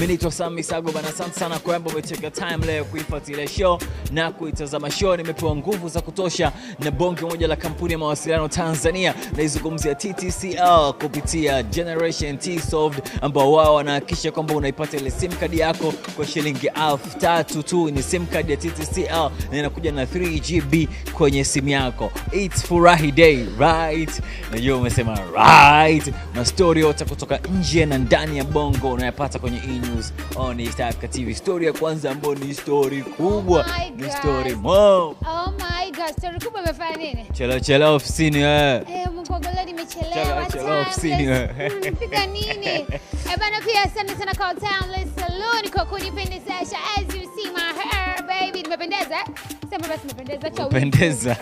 Mimi naitwa Sami Sago bana, asante sana kwamba umeteka time leo kuifuatilia show na kuitazama show. Nimepewa nguvu za kutosha na bonge moja la kampuni ya mawasiliano Tanzania, naizungumzia TTCL kupitia Generation T Solved, ambao wao wanahakikisha kwamba unaipata ile sim kadi yako kwa shilingi elfu tatu tu. Ni sim card ya TTCL na inakuja na 3GB kwenye simu yako. It's furahi day right? Najua umesema right, na story yote kutoka nje na ndani ya bongo unayapata kwenye News on East Africa TV. Story ya kwanza ambayo ni story kubwa, oh my ni story mo. Oh my god, story kubwa imefanya nini? Chelo chelo ofisini wewe. Eh, eh Mungu angalia nimechelewa. Chelo chelo ofisini wewe. Eh. Nimepiga hmm, nini? Eh bana, pia asante sana kwa Townless Saloon kwa kunipendezesha as you see my hair baby, nimependeza. Eh? Nasema basi umependeza cha umependeza.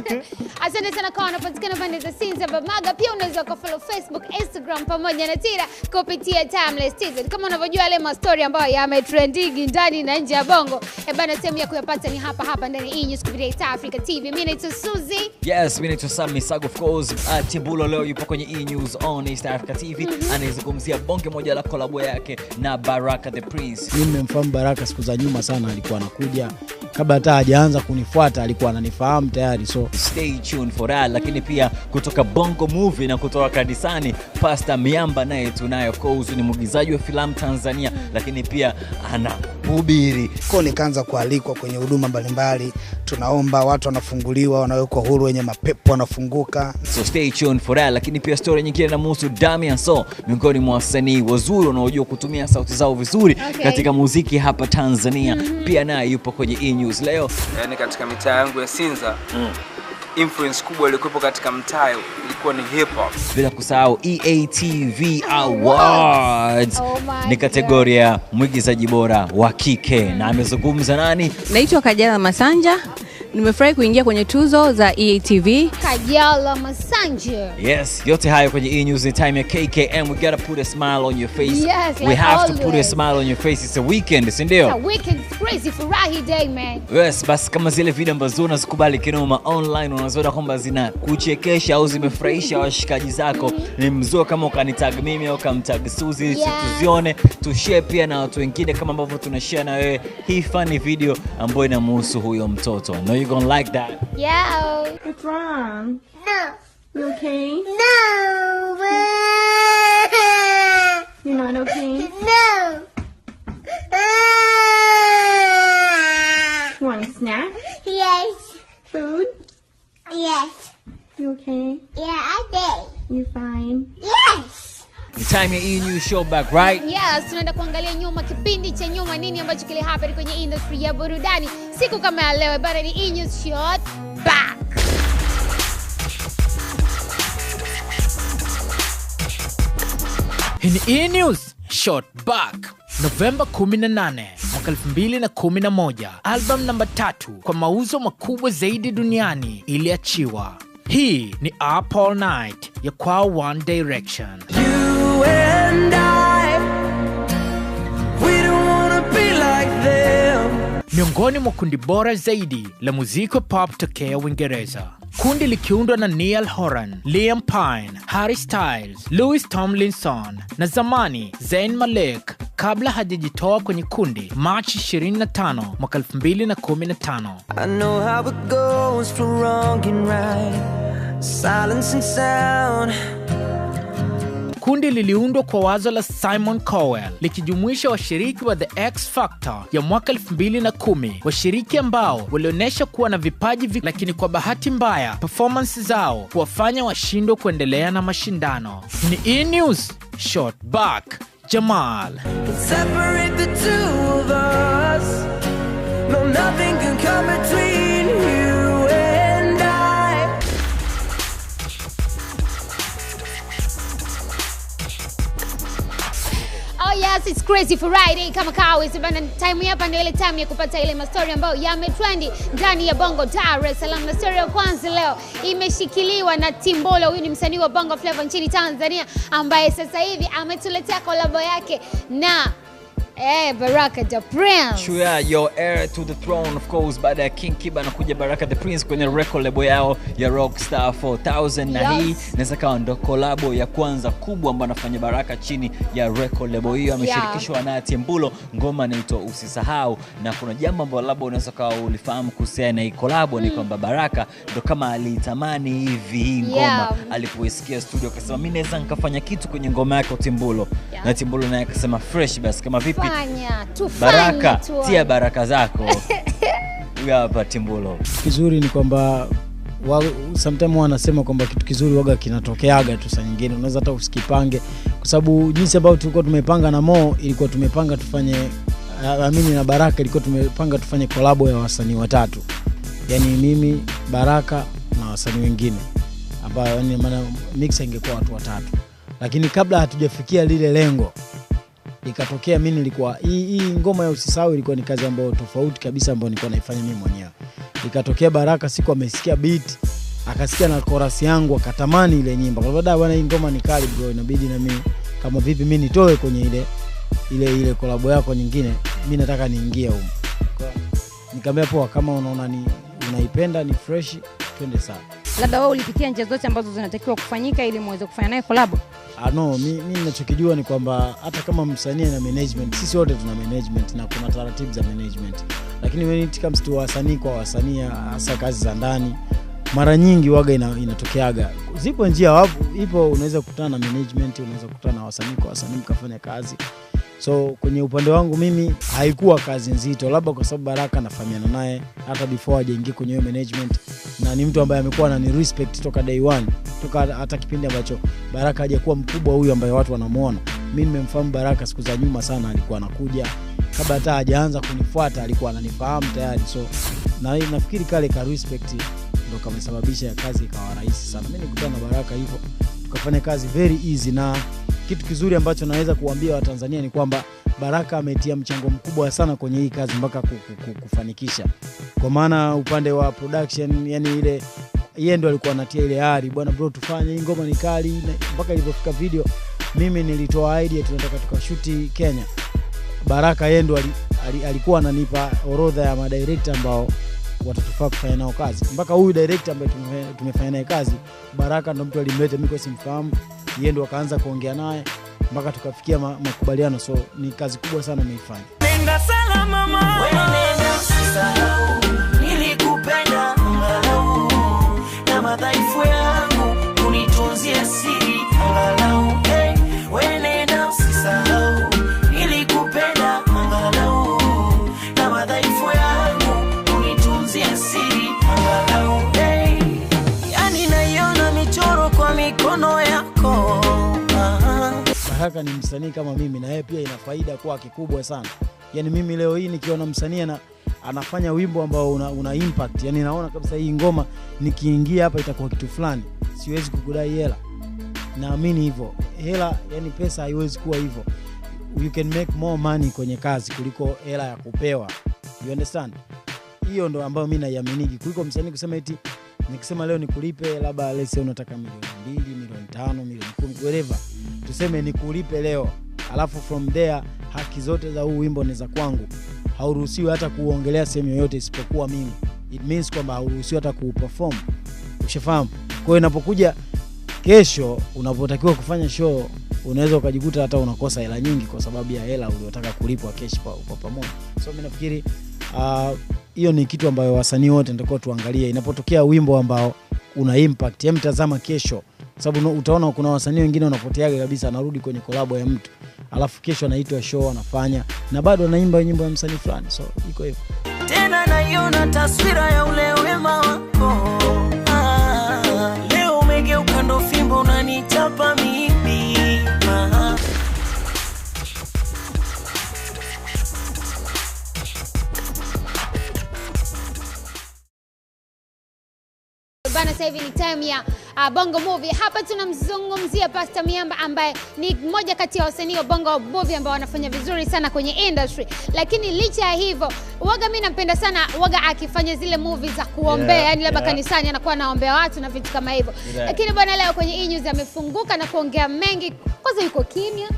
Asante sana kwa wanapatikana pande za Sinza Bamaga. Pia unaweza kufollow Facebook, Instagram pamoja na Twitter kupitia Timeless TZ. Kama unavyojua yale story ambayo yametrendigi ndani na nje ya Bongo, eh bana, sehemu ya kuyapata ni hapa hapa ndani hii e news kupitia East Africa TV. Mimi naitwa Suzy. Yes, mimi naitwa Sami Sago of course. Uh, ah, Tibulo leo yupo kwenye E-News on East Africa TV mm -hmm. Anaizungumzia bonge moja la collab yake na Baraka the Prince. Mimi nimemfahamu Baraka siku za nyuma sana, alikuwa anakuja kabla hata hajaanza alianza kunifuata alikuwa ananifahamu tayari. So stay tuned for that. Lakini pia kutoka Bongo Movie na kutoka kanisani, Pasta Miamba naye tunaye, of course ni mwigizaji wa filamu Tanzania, lakini pia ana kuhubiri. Kwa nikaanza kualikwa kwenye huduma mbalimbali, tunaomba watu wanafunguliwa, wanawekwa huru, wenye mapepo wanafunguka. So stay tuned for that. Lakini pia story nyingine inamhusu Damian So, miongoni mwa wasanii wazuri wanaojua kutumia sauti zao vizuri okay, katika muziki hapa Tanzania. mm -hmm. Pia naye yupo kwenye E News leo, yani katika mitaa yangu ya Sinza mm influence kubwa iliyokuwepo katika mtaa ilikuwa ni hip hop. Bila kusahau EATV Awards oh ni kategoria mwigizaji bora wa kike, na amezungumza nani? Naitwa Kajala Masanja Nimefurahi kuingia kwenye tuzo za EATV. Kajala Masanje. Yes, yote hayo kwenye E News ni time ya KKM. We gotta put a smile on your face. Yes, like we have always. to put a smile on your face. It's a weekend, si ndio? It's a weekend, crazy furahi day man. Yes, basi kama zile video ambazo unazikubali kinoma online unazoona kwamba zina kuchekesha au zimefurahisha washikaji zako, ni mzuri kama ukanitag mimi au kamtag Suzy yeah. tuzione, tushare pia na watu wengine kama ambavyo tunashare na wewe hii funny video ambayo inamhusu huyo mtoto. no you're gonna like that. Yeah. What's wrong? No. You okay? No. You're not okay? No. You want a snack? Yes. Food? Yes. You okay? Yeah, I did. You fine? Yes. Ni time ya new show back right? Yes, tunaenda kuangalia nyuma kipindi cha nyuma nini ambacho kile happen kwenye industry ya burudani siku kama ya leo bana ni new show back. In E News Short Back. Novemba 18 mwaka 2011, album namba tatu kwa mauzo makubwa zaidi duniani iliachiwa. Hii ni apple Night ya kwa One Direction miongoni mwa kundi bora zaidi la muziki wa pop tokea Uingereza. Kundi likiundwa na Neil Horan, Liam Payne, Harry Styles, Louis Tomlinson na zamani Zayn Malik kabla hajajitoa kwenye kundi Machi 25 mwaka 2015. Kundi liliundwa kwa wazo la Simon Cowell likijumuisha washiriki wa The X Factor ya mwaka 2010, washiriki ambao walionyesha kuwa na vipaji vik, lakini kwa bahati mbaya performance zao kuwafanya washindwe kuendelea na mashindano. Ni E! News, short back, Jamal. Separate the two of us. No, nothing can come between Yes, it's crazy Friday kama kawaida sibana, time hapa ndio ile time ya kupata ile mastori ambayo yametrend ndani ya Bongo Dar es Salaam, na story ya kwanza leo imeshikiliwa na Timbolo. Huyu ni msanii wa Bongo Flava nchini Tanzania ambaye sasa hivi ametuletea kolabo yake na Eh, Baraka the Prince. Sure, your heir to the throne of course, baada ya King Kiba anakuja Baraka the Prince kwenye record label yao ya Rockstar 4000 Na hii inaweza kawa ndo kolabo ya kwanza kubwa ambayo anafanya Baraka chini ya record label hiyo, ameshirikishwa yeah. na Tembulo, ngoma inaitwa Usisahau, na kuna jambo ambalo labda unaweza kawa ulifahamu kuhusiana na hii kolabo mm. ni kwamba Baraka ndo kama alitamani hivi hii ngoma yeah. alipoisikia studio akasema, mimi naweza nikafanya kitu kwenye ngoma yake Tembulo yeah. na Tembulo naye akasema fresh, basi kama vipi Tufanya, tufanya, baraka tuwa. Tia baraka zako hapa Timbulo. Kizuri ni kwamba sometimes wanasema kwamba kitu kizuri waga kinatokeaga tu, saa nyingine unaweza hata usikipange, kwa sababu jinsi ambavyo tulikuwa tumepanga na Mo ilikuwa tumepanga tufanye amini na Baraka ilikuwa tumepanga tufanye kolabo ya wasanii watatu, yaani mimi Baraka na wasanii wengine ambayo maana mix ingekuwa watu watatu, lakini kabla hatujafikia lile lengo ikatokea mi nilikuwa hii, ngoma ya usisahau ilikuwa ni kazi ambayo tofauti kabisa ambayo nilikuwa naifanya mimi mwenyewe. Ikatokea Baraka siku amesikia beat akasikia na chorus yangu akatamani ile nyimbo, kwa sababu bwana, hii ngoma ni kali bro, inabidi na mimi kama vipi mimi nitoe kwenye ile ile ile kolabo yako nyingine, mimi nataka niingie huko. Nikamwambia poa, kama unaona ni unaipenda ni fresh, twende sana Labda wewe ulipitia njia zote ambazo zinatakiwa kufanyika ili muweze kufanya naye kolabo? Ah, no, mi nachokijua ni kwamba hata kama msanii na management, sisi wote tuna management na kuna taratibu za management, lakini when it comes to wasanii kwa wasanii, hasa kazi za ndani, mara nyingi waga ina, inatokeaga. Zipo njia wapo, ipo, unaweza kukutana na management, unaweza kukutana na wasanii kwa wasanii mkafanya kazi So kwenye upande wangu mimi haikuwa kazi nzito, labda kwa sababu Baraka nafahamiana naye hata before hajaingia kwenye hiyo management, na ni mtu ambaye amekuwa anani respect toka day one, toka hata kipindi ambacho Baraka hajakuwa mkubwa huyu ambaye watu wanamwona mi nimemfahamu Baraka siku za nyuma sana, alikuwa anakuja kabla hata hajaanza kunifuata, alikuwa ananifahamu tayari. So na nafikiri kale ka respect ndo kamesababisha kazi ikawa rahisi sana. mi nikutana na Baraka hivo tukafanya kazi very easy na kitu kizuri ambacho naweza kuwaambia Watanzania ni kwamba Baraka ametia mchango mkubwa sana kwenye hii kazi mpaka kufanikisha, kwa maana upande wa production, yani ile yeye ndo alikuwa anatia ile ari, bwana bro, tufanye hii ngoma ni kali. Mpaka ilipofika video, mimi nilitoa idea, tunataka tukashuti Kenya. Baraka yeye ndo alikuwa ananipa orodha ya madirekta ambao watatufaa kufanya nao kazi. Mpaka huyu director ambaye tumefanya naye kazi, Baraka ndo mtu alimleta, mimi kwa simfahamu yeye ndo akaanza kuongea naye mpaka tukafikia ma, makubaliano. So ni kazi kubwa sana ameifanya. nilikupenda, angalau na madhaifu yangu unitunzie siri kaka ni msanii kama mimi, na yeye pia ina faida kwa kikubwa sana. Yaani mimi leo hii nikiona msanii ana anafanya wimbo ambao una, una impact, yani naona kabisa hii ngoma nikiingia hapa itakuwa kitu fulani, siwezi kukudai hela. Naamini hivyo hela, yani pesa haiwezi kuwa hivyo. You can make more money kwenye kazi kuliko hela ya kupewa, you understand? Hiyo ndo ambayo mimi naiaminiki kuliko msanii kusema eti nikisema leo nikulipe labda lese unataka milioni mbili, milioni tano, milioni kumi, whatever tuseme ni kulipe leo, alafu from there haki zote za huu wimbo ni za kwangu, hauruhusiwi hata kuuongelea sehemu yoyote isipokuwa mimi. It means kwamba hauruhusiwi hata kuuperform, ushafahamu? Kwa hiyo inapokuja kesho, unapotakiwa kufanya show, unaweza ukajikuta hata unakosa hela nyingi kwa sababu ya hela uliotaka kulipwa kesh kwa pamoja. So mimi nafikiri ah, hiyo uh, ni kitu ambayo wasanii wote nitakuwa tuangalie, inapotokea wimbo ambao una impact, hem, tazama kesho sababu utaona kuna wasanii wengine wanapoteaga kabisa, anarudi kwenye kolabo ya mtu alafu kesho anaitwa show anafanya na bado anaimba nyimbo ya msanii fulani, so iko hivyo tena. Naiona taswira ya ule wema wako ah, leo umegeuka ndo fimbo unanichapa mimi Bana, sasa hivi ni time ya uh, Bongo Movie. Hapa tunamzungumzia Pasta Miamba ambaye ni mmoja kati ya wasanii wa Bongo Movie ambao wanafanya vizuri sana kwenye industry, lakini licha ya hivyo waga mimi nampenda sana waga akifanya zile movie za kuombea yeah, yani labda yeah. Kanisani anakuwa anaombea watu na vitu kama hivyo yeah. Lakini bwana leo kwenye e-news amefunguka na kuongea mengi. Kwanza yuko kimya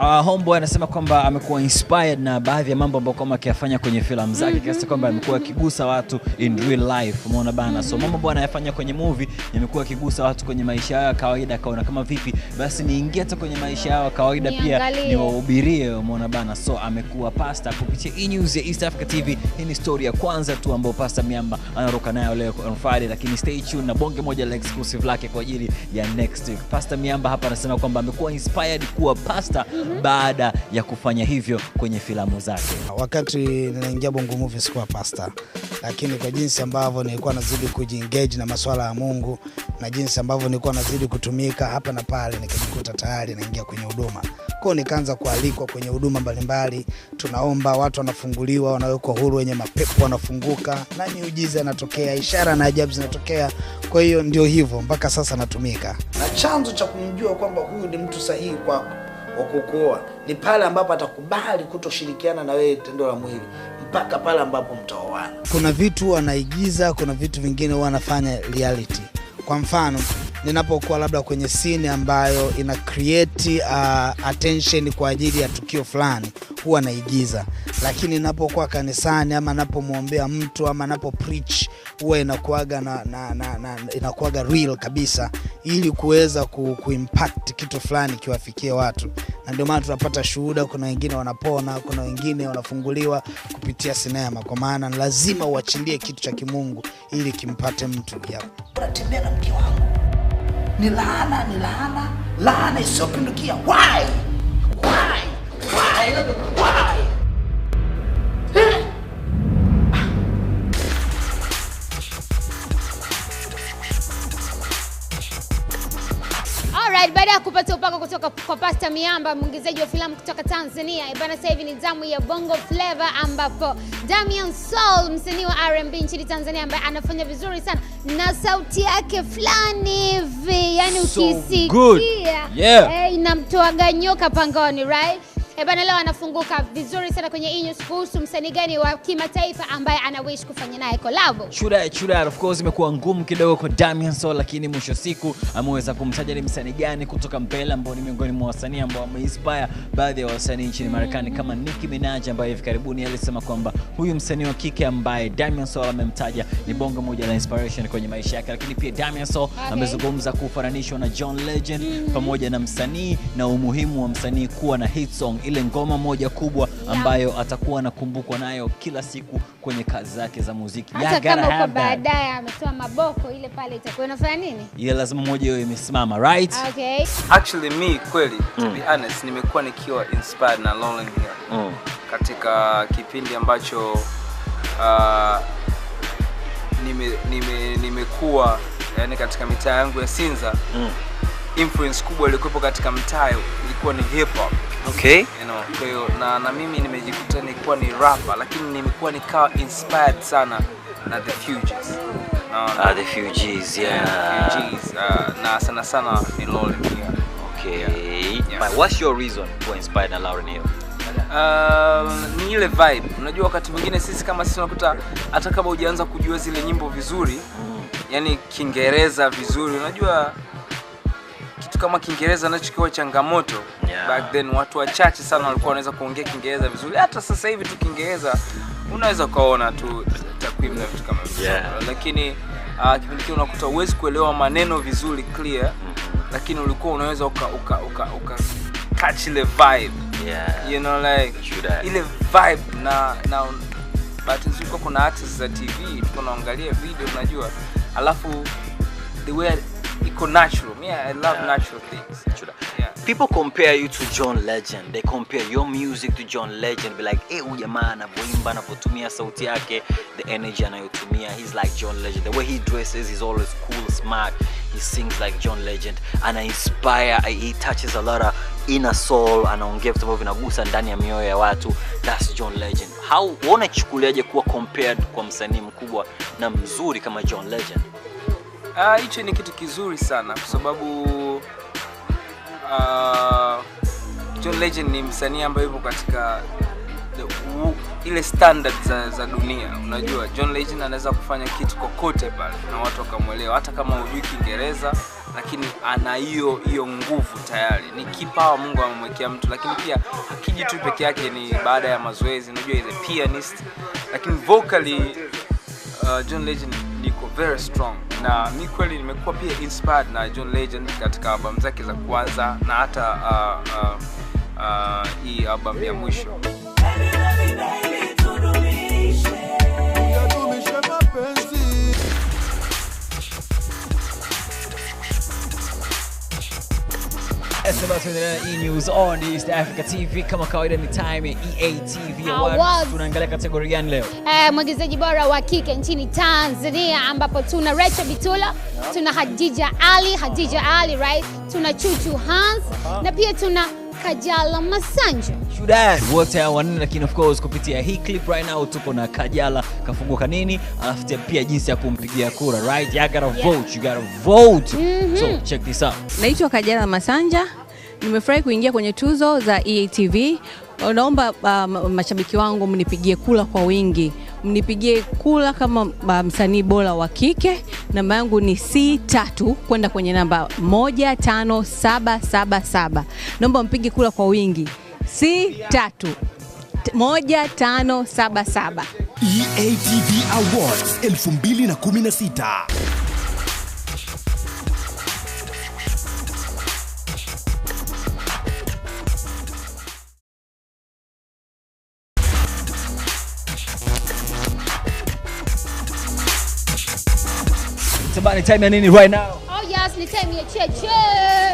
Uh, homeboy anasema kwamba amekuwa inspired na baadhi ya mambo ambayo kama akiyafanya kwenye filamu zake mm -hmm. Kiasi kwamba amekuwa akigusa watu in real life, umeona bana mm -hmm. So mhm. mambo ambayo anayafanya kwenye movie yamekuwa amekuwa akigusa watu kwenye maisha yao ya kawaida, akaona kama vipi basi niingie hata kwenye maisha yao ya kawaida pia niwahubirie. Umeona bana, so amekuwa pasta kupitia e news ya East Africa TV. Hii ni story ya kwanza tu ambayo pasta miamba anaruka nayo leo on Friday, lakini stay tuned na bonge moja la exclusive lake kwa ajili ya next week. Pasta miamba hapa anasema kwamba amekuwa inspired kuwa pasta mm -hmm. baada ya kufanya hivyo kwenye filamu zake. Wakati ninaingia Bongo Movie sikuwa pasta, lakini kwa jinsi ambavyo nilikuwa nazidi kujiengage na masuala ya Mungu na jinsi ambavyo nilikuwa nazidi kutumika hapa na pale, nikajikuta tayari naingia kwenye huduma kwao. Nikaanza kualikwa kwenye huduma mbalimbali, tunaomba watu wanafunguliwa, wanawekwa huru, wenye mapepo wanafunguka, na miujiza inatokea, ishara na ajabu zinatokea. Kwa hiyo ndio hivyo, mpaka sasa natumika, na chanzo cha kumjua kwamba huyu ni mtu sahihi kwako wa kukuoa ni pale ambapo atakubali kutoshirikiana na wewe tendo la mwili mpaka pale ambapo mtaoana. Kuna vitu wanaigiza, kuna vitu vingine wanafanya reality. Kwa mfano ninapokuwa labda kwenye sini ambayo ina create uh, attention kwa ajili ya tukio fulani huwa naigiza, lakini ninapokuwa kanisani ama napomwombea mtu ama napo preach huwa inakuaga na, na, na, na, inakuaga real kabisa, ili kuweza ku, kuimpact kitu fulani kiwafikie watu na ndio maana tunapata shuhuda. Kuna wengine wanapona, kuna wengine wanafunguliwa kupitia sinema, kwa maana lazima uachilie kitu cha kimungu ili kimpate mtu. unatembea na mke wangu, ni laana, ni laana, laana isiyopindukia. Alright, baada ya kupata upako kutoka kwa Pasta Miamba, mwigizaji wa filamu kutoka Tanzania, ibana eh, sasa hivi ni zamu ya Bongo Flava, ambapo Damian Soul, msanii wa R&B nchini Tanzania ambaye anafanya vizuri sana na sauti yake fulani hivi, yani so ukisikia yeah. Hey, eh, inamtoaga nyoka pangoni, right? Ebana, eh leo anafunguka vizuri sana kwenye hii news kuhusu msanii gani wa kimataifa ambaye ana wish kufanya naye collab. Chura ya chura, of course, imekuwa ngumu kidogo kwa Damian Soul, lakini mwisho siku ameweza kumtaja ni msanii gani kutoka Mpela ambao ni miongoni mwa wasanii ambao wameinspire baadhi ya wasanii nchini Marekani mm -hmm. kama Nicki Minaj ambaye hivi karibuni alisema kwamba huyu msanii wa kike ambaye Damian Soul amemtaja ni bongo moja la inspiration kwenye maisha yake, lakini pia Damian Soul okay, amezungumza kufananishwa na John Legend mm -hmm. pamoja na msanii na umuhimu wa msanii kuwa na hit song ile ngoma moja kubwa ambayo atakuwa anakumbukwa nayo kila siku kwenye kazi zake za muziki. Hata kama uko baadaye amesema maboko ile pale itakuwa inafanya nini? Ile lazima moja hiyo imesimama, right? Okay. Actually mi kweli mm. to be mm. honest nimekuwa nikiwa inspired na Lonely here. mm. katika kipindi ambacho uh, nimekuwa nime, nime yani katika mitaa yangu ya Sinza mm. influence kubwa ilikuwepo katika mtaa ilikuwa ni hip hop. Okay. Kwa hiyo na, na mimi nimejikuta nilikuwa ni rapper, lakini nimekuwa nikawa inspired sana na The Fugees. No, no. Ah, The Fugees, yeah. yeah the Fugees, uh, na sana sana ni Lauren Hill. Okay. Yeah. Yeah. But what's your reason for inspired na Lauren Hill? Um, ni ile vibe. Unajua wakati mwingine sisi kama sisi unakuta hata kama hujaanza kujua zile nyimbo vizuri, yani Kiingereza vizuri, unajua kitu kama Kiingereza nacho kiwa changamoto yeah. Back then watu wachache sana walikuwa wanaweza kuongea Kiingereza vizuri. Hata sasa hivi tu Kiingereza unaweza ukaona tu takwimu na vitu kama hivyo yeah. Lakini uh, kipindi kile unakuta uwezi kuelewa maneno vizuri clear, mm-hmm. lakini ulikuwa unaweza uka, uka, uka, uka catch ile vibe yeah. You know like ile vibe na na bahati nzuri kuna access za TV, tuko naangalia video unajua, alafu the way iko natural. Me, I love yeah. natural things. Yeah. People compare you to John Legend. They compare your music to John Legend. Be like, "Eh, huyu jamaa anavyoimba, anavyotumia sauti yake, the energy anayotumia, he's like John Legend. The way he dresses, he's always cool, smart. He sings like John Legend. Ana inspire, he touches a lot of inner soul, anaongea vitu ambavyo vinagusa ndani ya mioyo ya watu. That's John Legend. How unachukuliaje kuwa compared kwa msanii mkubwa na mzuri kama John Legend? Ah, hicho ni kitu kizuri sana kwa sababu uh, John Legend ni msanii ambaye yupo katika the, u, ile standard za, za dunia. Unajua, John Legend anaweza kufanya kitu kokote pale na watu wakamwelewa, hata kama hujui Kiingereza, lakini ana hiyo hiyo nguvu tayari. Ni kipawa Mungu amemwekea mtu, lakini pia hakiji tu peke yake, ni baada ya mazoezi. Unajua, ile pianist, lakini vocally uh, John Legend iko very strong, na mi kweli nimekuwa pia inspired na John Legend katika albamu zake za kwanza na hata uh, uh, uh, hii albamu ya mwisho E News on East Africa TV. Kama kawaida ni time ya e EA TV ah, Awards. Tunaangalia kategori gani leo? Eh, mwigizaji bora wa kike nchini Tanzania ambapo tuna Rachel Bitula, tuna Hadija Ali, Hadija Ali right? Tuna Chuchu Hans na pia tuna Kajala Masanja. Shudan wote hao wanne, lakini of course kupitia hii clip right now tuko na Kajala kafunguka nini, alafu pia jinsi ya kumpigia kura right, you gotta yeah. vote you gotta vote mm -hmm. So check this out. Naitwa Kajala Masanja, nimefurahi kuingia kwenye tuzo za EATV. Naomba uh, mashabiki wangu mnipigie kura kwa wingi mnipigie kula kama msanii bora wa kike. Namba yangu ni C3 kwenda kwenye namba 15777. Naomba mpige kula kwa wingi C3 1577. EATV Awards 2016. entertainment in it right now. Yes, ni time ya cheche.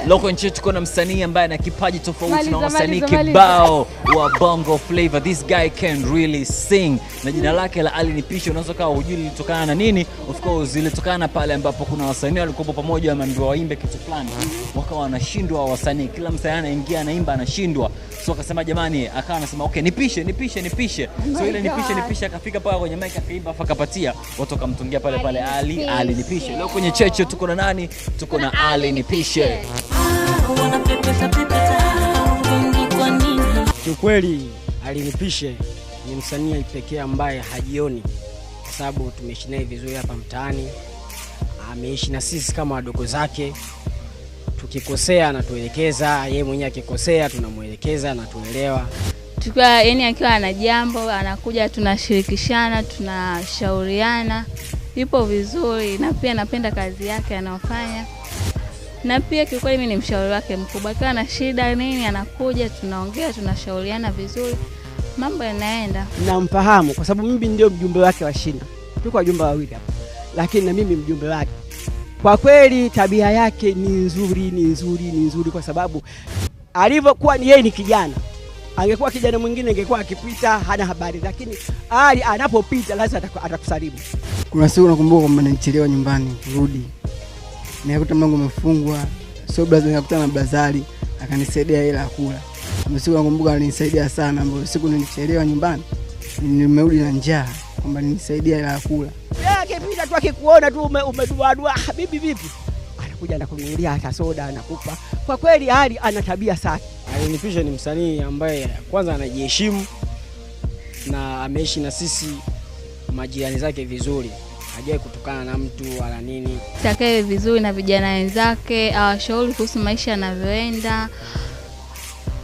Loko nchi tuko na msanii ambaye ana kipaji tofauti na wasanii kibao wa Bongo Flava. This guy can really sing. Na jina lake la Ali Nipishe unaweza kawa hujui lilitokana na nini? Of course na pale ambapo kuna wasanii walikuwa pamoja wameambiwa waimbe kitu fulani. Mhm. Wakawa wanashindwa wasanii. Kila msanii anaingia anaimba anashindwa. So akasema jamani, akawa anasema okay, nipishe nipishe nipishe. Oh so ile nipishe nipishe akafika pale kwenye mic akaimba akapatia. Watu wakamtungia pale pale Ali Ali nipishe. Leo kwenye cheche tuko na nani? tuko na Ali Nipishe. Kiukweli Ali ni msanii pekee ambaye hajioni, kwa sababu tumeishi naye vizuri hapa mtaani, ameishi na sisi kama wadogo zake. Tukikosea anatuelekeza, yeye mwenyewe akikosea tunamwelekeza, anatuelewa tukiwa yani, akiwa ana jambo anakuja, tunashirikishana, tunashauriana ipo vizuri, na pia napenda kazi yake anayofanya, na pia kiukweli mimi ni mshauri wake mkubwa. Akiwa na shida nini, anakuja tunaongea, tunashauriana vizuri, mambo yanaenda. Namfahamu kwa sababu mimi ndio mjumbe wake wa shina, tuko wajumbe wawili hapa, lakini na mimi mjumbe wake. Kwa kweli tabia yake ni nzuri, ni nzuri, ni nzuri, kwa sababu alivyokuwa ni yeye ni kijana Angekuwa kijana mwingine angekuwa akipita hana habari, lakini Ali anapopita lazima atakusalimu. Kuna siku nakumbuka kwamba nilichelewa nyumbani kurudi, nikakuta mlango umefungwa, so blaza, nikakutana na Blazari akanisaidia hela ya kula. siku nakumbuka alinisaidia sana, ambayo siku nilichelewa nyumbani, nimerudi na njaa, kwamba nilisaidia hela ya kula. Akipita tu akikuona tu umeduadua, habibi ah, vipi, anakuja anakununulia hata soda anakupa. Kwa kweli Ali ana tabia safi. Alinipisha ni msanii ambaye kwanza anajiheshimu na ameishi na sisi majirani zake vizuri, hajai kutukana na mtu wala nini. Takae vizuri na vijana wenzake, awashauri kuhusu maisha yanavyoenda,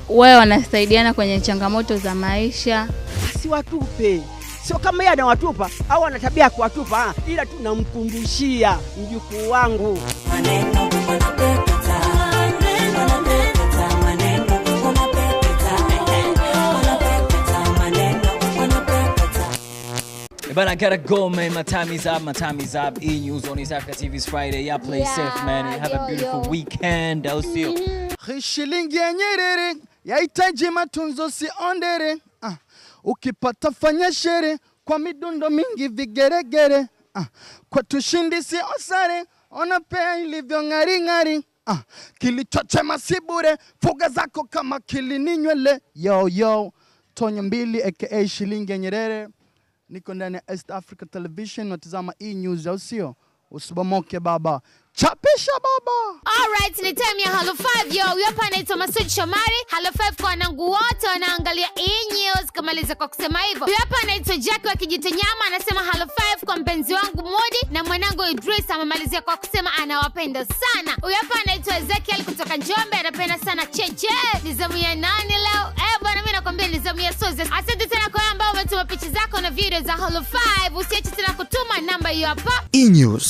wao wanasaidiana kwenye changamoto za maisha. Asiwatupe, sio kama yeye anawatupa au ana tabia ya kuwatupa, ah, ila tunamkumbushia mjukuu wangu maneno But I gotta go, man. My time is up. My time is up. E News on his Africa TV's Friday. Y'all play yeah, safe, man. And have yo, a beautiful yo. weekend. I'll see you. Mm-hmm. Shilingi ya Nyerere yahitaji matunzo, siondere. Uh, ah, ukipata fanya shere kwa midundo mingi vigeregere. Uh, ah, kwa tushindi si osare, ona pea ilivyo ngari Uh, kilichochema si bure, fuga zako kama kilini nywele. Yo yo, Tonyo mbili aka shilingi ya Nyerere niko ndani ya East Africa Television, natazama E News, au sio? Usibomoke baba. Chapisha baba. Alright, ni time ya Halo 5 yo. hapa anaitwa Masud Shomari. Halo 5 kwa wanangu wote wanaangalia E kamaliza kwa kusema hivyo. hapa anaitwa Jack wa nyama anasema Halo 5 kwa mpenzi wangu Modi na mwanangu Idris amemalizia kwa kusema anawapenda sana. Huyu hapa anaitwa Ezekiel kutoka Njombe anapenda sana Cheche. nizamu ya nani leo? Eh bwana, mimi nakwambia nizamu ya Soze. Asante tena kwa ambao umetuma picha zako na video za Halo 5. Usiache tena kutuma namba hiyo hapa. E